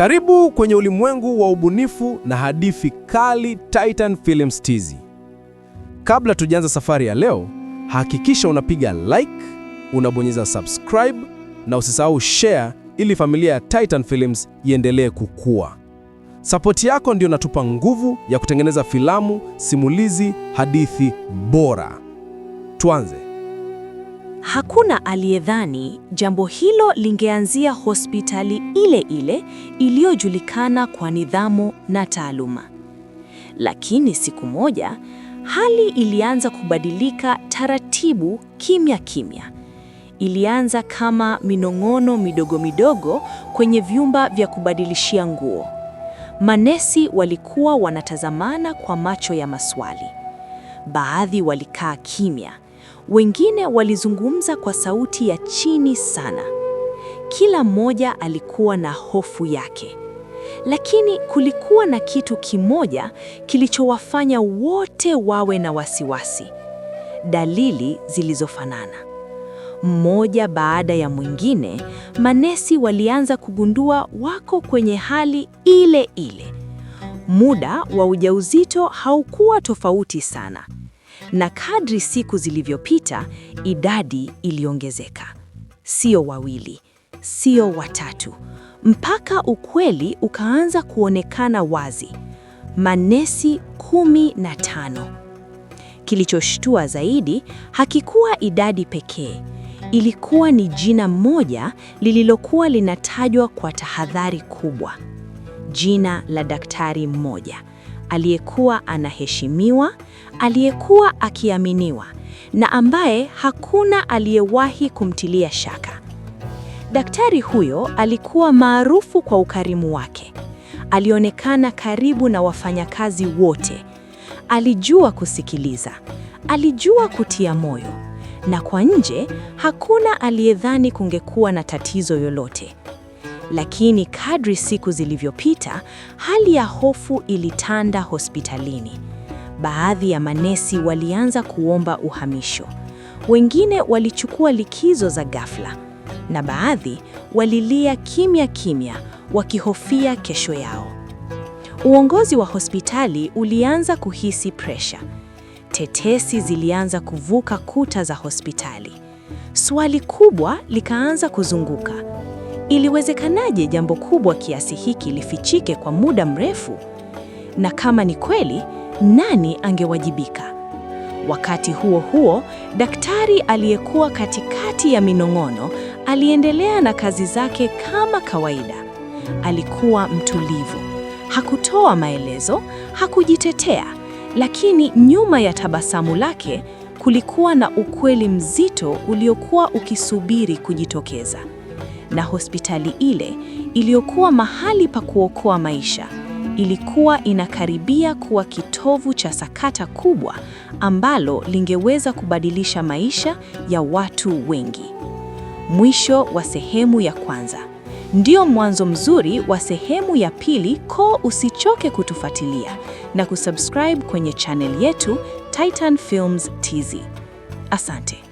Karibu kwenye ulimwengu wa ubunifu na hadithi kali titan Films TZ. Kabla tujaanza safari ya leo, hakikisha unapiga like, unabonyeza subscribe na usisahau share ili familia ya titan Films iendelee kukua. Sapoti yako ndio inatupa nguvu ya kutengeneza filamu, simulizi, hadithi bora. Tuanze. Hakuna aliyedhani jambo hilo lingeanzia hospitali ile ile iliyojulikana kwa nidhamu na taaluma. Lakini siku moja hali ilianza kubadilika taratibu, kimya kimya. Ilianza kama minong'ono midogo midogo kwenye vyumba vya kubadilishia nguo. Manesi walikuwa wanatazamana kwa macho ya maswali. Baadhi walikaa kimya wengine walizungumza kwa sauti ya chini sana. Kila mmoja alikuwa na hofu yake, lakini kulikuwa na kitu kimoja kilichowafanya wote wawe na wasiwasi, dalili zilizofanana. Mmoja baada ya mwingine, manesi walianza kugundua wako kwenye hali ile ile. Muda wa ujauzito haukuwa tofauti sana na kadri siku zilivyopita, idadi iliongezeka, sio wawili, sio watatu, mpaka ukweli ukaanza kuonekana wazi: manesi kumi na tano. Kilichoshtua zaidi hakikuwa idadi pekee, ilikuwa ni jina moja lililokuwa linatajwa kwa tahadhari kubwa, jina la daktari mmoja aliyekuwa anaheshimiwa, aliyekuwa akiaminiwa na ambaye hakuna aliyewahi kumtilia shaka. Daktari huyo alikuwa maarufu kwa ukarimu wake. Alionekana karibu na wafanyakazi wote. Alijua kusikiliza, alijua kutia moyo, na kwa nje hakuna aliyedhani kungekuwa na tatizo lolote. Lakini kadri siku zilivyopita, hali ya hofu ilitanda hospitalini. Baadhi ya manesi walianza kuomba uhamisho, wengine walichukua likizo za ghafla, na baadhi walilia kimya kimya, wakihofia kesho yao. Uongozi wa hospitali ulianza kuhisi presha. Tetesi zilianza kuvuka kuta za hospitali. Swali kubwa likaanza kuzunguka. Iliwezekanaje jambo kubwa kiasi hiki lifichike kwa muda mrefu? Na kama ni kweli, nani angewajibika? Wakati huo huo, daktari aliyekuwa katikati ya minong'ono aliendelea na kazi zake kama kawaida. Alikuwa mtulivu, hakutoa maelezo, hakujitetea, lakini nyuma ya tabasamu lake kulikuwa na ukweli mzito uliokuwa ukisubiri kujitokeza na hospitali ile iliyokuwa mahali pa kuokoa maisha ilikuwa inakaribia kuwa kitovu cha sakata kubwa ambalo lingeweza kubadilisha maisha ya watu wengi. Mwisho wa sehemu ya kwanza ndio mwanzo mzuri wa sehemu ya pili. Ko, usichoke kutufuatilia na kusubscribe kwenye channel yetu Titan Films TZ. Asante.